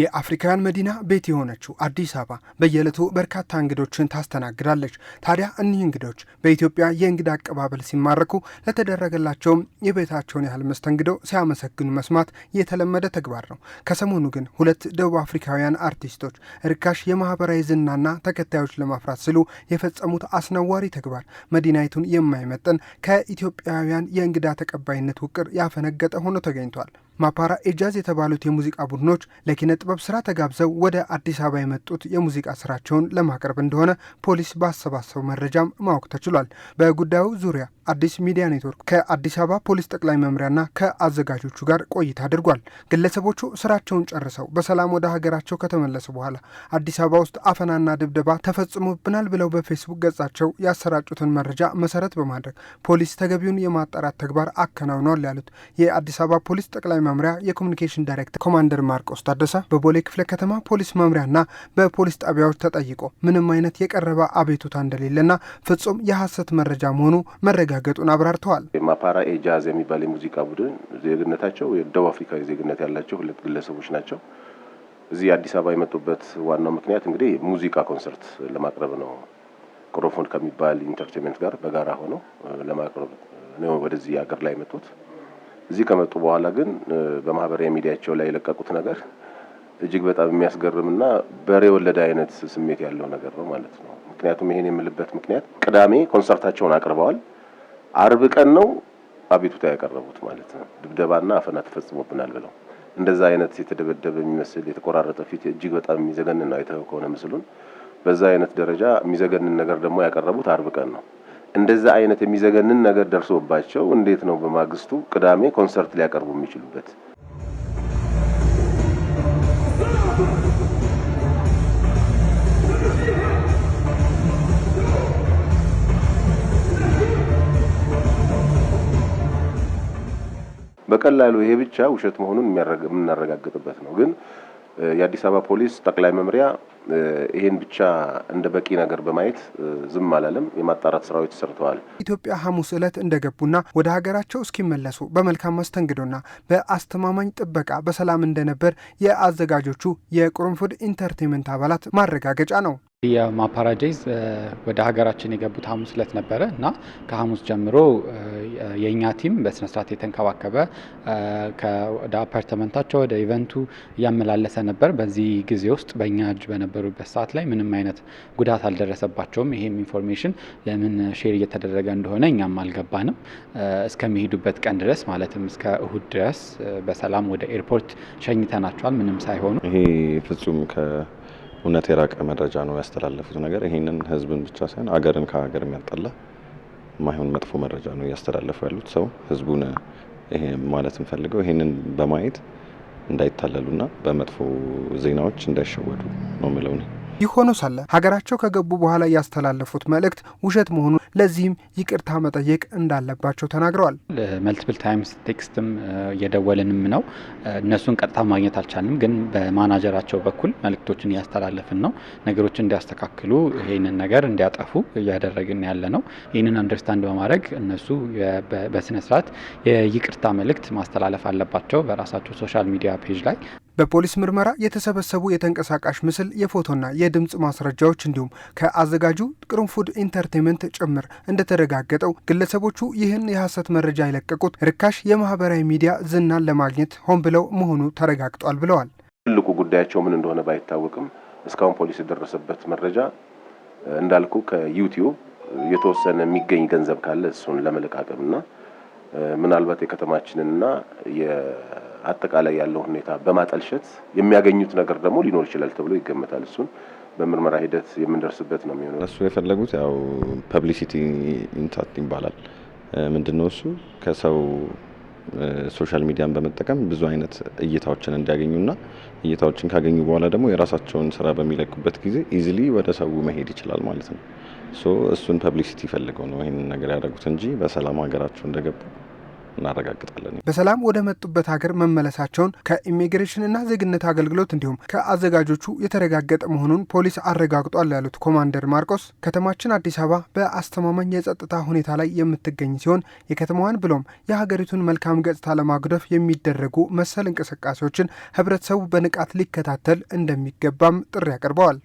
የአፍሪካውያን መዲና ቤት የሆነችው አዲስ አበባ በየዕለቱ በርካታ እንግዶችን ታስተናግዳለች። ታዲያ እኒህ እንግዶች በኢትዮጵያ የእንግዳ አቀባበል ሲማረኩ ለተደረገላቸውም የቤታቸውን ያህል መስተንግዶ ሲያመሰግኑ መስማት የተለመደ ተግባር ነው። ከሰሞኑ ግን ሁለት ደቡብ አፍሪካውያን አርቲስቶች ርካሽ የማህበራዊ ዝናና ተከታዮች ለማፍራት ሲሉ የፈጸሙት አስነዋሪ ተግባር መዲናይቱን የማይመጥን ከኢትዮጵያውያን የእንግዳ ተቀባይነት ውቅር ያፈነገጠ ሆኖ ተገኝቷል። ማፓራ ኤጃዝ የተባሉት የሙዚቃ ቡድኖች ለኪነ ጥበብ ስራ ተጋብዘው ወደ አዲስ አበባ የመጡት የሙዚቃ ስራቸውን ለማቅረብ እንደሆነ ፖሊስ ባሰባሰበው መረጃም ማወቅ ተችሏል። በጉዳዩ ዙሪያ አዲስ ሚዲያ ኔትወርክ ከአዲስ አበባ ፖሊስ ጠቅላይ መምሪያና ከአዘጋጆቹ ጋር ቆይታ አድርጓል። ግለሰቦቹ ስራቸውን ጨርሰው በሰላም ወደ ሀገራቸው ከተመለሱ በኋላ አዲስ አበባ ውስጥ አፈናና ድብደባ ተፈጽሞብናል ብለው በፌስቡክ ገጻቸው ያሰራጩትን መረጃ መሰረት በማድረግ ፖሊስ ተገቢውን የማጣራት ተግባር አከናውኗል ያሉት የአዲስ አበባ ፖሊስ ጠቅላይ መምሪያ የኮሚኒኬሽን ዳይሬክተር ኮማንደር ማርቆስ ታደሰ በቦሌ ክፍለ ከተማ ፖሊስ መምሪያና በፖሊስ ጣቢያዎች ተጠይቆ ምንም አይነት የቀረበ አቤቱታ እንደሌለና ፍጹም የሐሰት መረጃ መሆኑ መረጋገጡን አብራርተዋል። ማፓራ ኤጃዝ የሚባል የሙዚቃ ቡድን ዜግነታቸው የደቡብ አፍሪካዊ ዜግነት ያላቸው ሁለት ግለሰቦች ናቸው። እዚህ አዲስ አበባ የመጡበት ዋናው ምክንያት እንግዲህ ሙዚቃ ኮንሰርት ለማቅረብ ነው። ቅሮፎን ከሚባል ኢንተርቴንመንት ጋር በጋራ ሆነው ለማቅረብ ነው ወደዚህ ሀገር ላይ መጡት። እዚህ ከመጡ በኋላ ግን በማህበራዊ ሚዲያቸው ላይ የለቀቁት ነገር እጅግ በጣም እና በሬ ወለደ አይነት ስሜት ያለው ነገር ነው ማለት ነው። ምክንያቱም ይሄን የምልበት ምክንያት ቅዳሜ ኮንሰርታቸውን አቅርበዋል። አርብ ቀን ነው አቤቱታ ያቀረቡት ማለት ነው። ድብደባና አፈና ተፈጽሞብናል ብለው እንደዛ አይነት የተደበደበ የሚመስል የተቆራረጠ ፊት እጅግ በጣም የሚዘገንን ነው። አይተኸው ከሆነ ምስሉን በዛ አይነት ደረጃ የሚዘገንን ነገር ደግሞ ያቀረቡት አርብ ቀን ነው። እንደዛ አይነት የሚዘገንን ነገር ደርሶባቸው እንዴት ነው በማግስቱ ቅዳሜ ኮንሰርት ሊያቀርቡ የሚችሉበት? በቀላሉ ይሄ ብቻ ውሸት መሆኑን የምናረጋግጥበት ነው። ግን የአዲስ አበባ ፖሊስ ጠቅላይ መምሪያ ይህን ብቻ እንደ በቂ ነገር በማየት ዝም አላለም። የማጣራት ስራዎች ተሰርተዋል። ኢትዮጵያ ሐሙስ ዕለት እንደገቡና ወደ ሀገራቸው እስኪመለሱ በመልካም መስተንግዶና በአስተማማኝ ጥበቃ በሰላም እንደነበር የአዘጋጆቹ የቅርንፉድ ኢንተርቴንመንት አባላት ማረጋገጫ ነው። የማፓራዳይዝ ወደ ሀገራችን የገቡት ሐሙስ ዕለት ነበረ እና ከሐሙስ ጀምሮ የእኛ ቲም በስነስርዓት የተንከባከበ ወደ አፓርትመንታቸው ወደ ኢቨንቱ እያመላለሰ ነበር። በዚህ ጊዜ ውስጥ በእኛ እጅ በነበሩበት ሰዓት ላይ ምንም አይነት ጉዳት አልደረሰባቸውም። ይሄም ኢንፎርሜሽን ለምን ሼር እየተደረገ እንደሆነ እኛም አልገባንም። እስከሚሄዱበት ቀን ድረስ ማለትም እስከ እሁድ ድረስ በሰላም ወደ ኤርፖርት ሸኝተናቸዋል። ምንም ሳይሆኑ ይሄ ፍጹም እውነት የራቀ መረጃ ነው ያስተላለፉት ነገር። ይህንን ህዝብን ብቻ ሳይሆን አገርን ከሀገር የሚያጣላ ማይሆን መጥፎ መረጃ ነው እያስተላለፉ ያሉት። ሰው ህዝቡን ይሄ ማለት እንፈልገው ይህንን በማየት እንዳይታለሉና በመጥፎ ዜናዎች እንዳይሸወዱ ነው ምለው ይህ ሆኖ ሳለ ሀገራቸው ከገቡ በኋላ ያስተላለፉት መልእክት ውሸት መሆኑን ለዚህም ይቅርታ መጠየቅ እንዳለባቸው ተናግረዋል። መልቲፕል ታይምስ ቴክስትም እየደወልንም ነው። እነሱን ቀጥታ ማግኘት አልቻልንም፣ ግን በማናጀራቸው በኩል መልእክቶችን እያስተላለፍን ነው። ነገሮችን እንዲያስተካክሉ ይህንን ነገር እንዲያጠፉ እያደረግን ያለ ነው። ይህንን አንደርስታንድ በማድረግ እነሱ በስነስርዓት የይቅርታ መልእክት ማስተላለፍ አለባቸው በራሳቸው ሶሻል ሚዲያ ፔጅ ላይ በፖሊስ ምርመራ የተሰበሰቡ የተንቀሳቃሽ ምስል፣ የፎቶና የድምፅ ማስረጃዎች እንዲሁም ከአዘጋጁ ቅርንፉድ ኢንተርቴንመንት ጭምር እንደተረጋገጠው ግለሰቦቹ ይህን የሐሰት መረጃ የለቀቁት ርካሽ የማህበራዊ ሚዲያ ዝናን ለማግኘት ሆን ብለው መሆኑ ተረጋግጧል ብለዋል። ትልቁ ጉዳያቸው ምን እንደሆነ ባይታወቅም እስካሁን ፖሊስ የደረሰበት መረጃ እንዳልኩ ከዩቲዩብ የተወሰነ የሚገኝ ገንዘብ ካለ እሱን ለመለቃቀምና ምናልባት የከተማችንንና አጠቃላይ ያለው ሁኔታ በማጠልሸት የሚያገኙት ነገር ደግሞ ሊኖር ይችላል ተብሎ ይገመታል። እሱን በምርመራ ሂደት የምንደርስበት ነው የሚሆነው። እሱ የፈለጉት ያው ፐብሊሲቲ ኢንታት ይባላል። ምንድን ነው እሱ ከሰው ሶሻል ሚዲያን በመጠቀም ብዙ አይነት እይታዎችን እንዲያገኙና እይታዎችን ካገኙ በኋላ ደግሞ የራሳቸውን ስራ በሚለቁበት ጊዜ ኢዚሊ ወደ ሰው መሄድ ይችላል ማለት ነው። ሶ እሱን ፐብሊሲቲ ፈልገው ነው ይህንን ነገር ያደረጉት እንጂ በሰላም ሀገራቸው እንደገቡ እናረጋግጣለን። በሰላም ወደ መጡበት ሀገር መመለሳቸውን ከኢሚግሬሽንና ዜግነት አገልግሎት እንዲሁም ከአዘጋጆቹ የተረጋገጠ መሆኑን ፖሊስ አረጋግጧል ያሉት ኮማንደር ማርቆስ ከተማችን አዲስ አበባ በአስተማማኝ የጸጥታ ሁኔታ ላይ የምትገኝ ሲሆን የከተማዋን ብሎም የሀገሪቱን መልካም ገጽታ ለማጉደፍ የሚደረጉ መሰል እንቅስቃሴዎችን ህብረተሰቡ በንቃት ሊከታተል እንደሚገባም ጥሪ አቅርበዋል።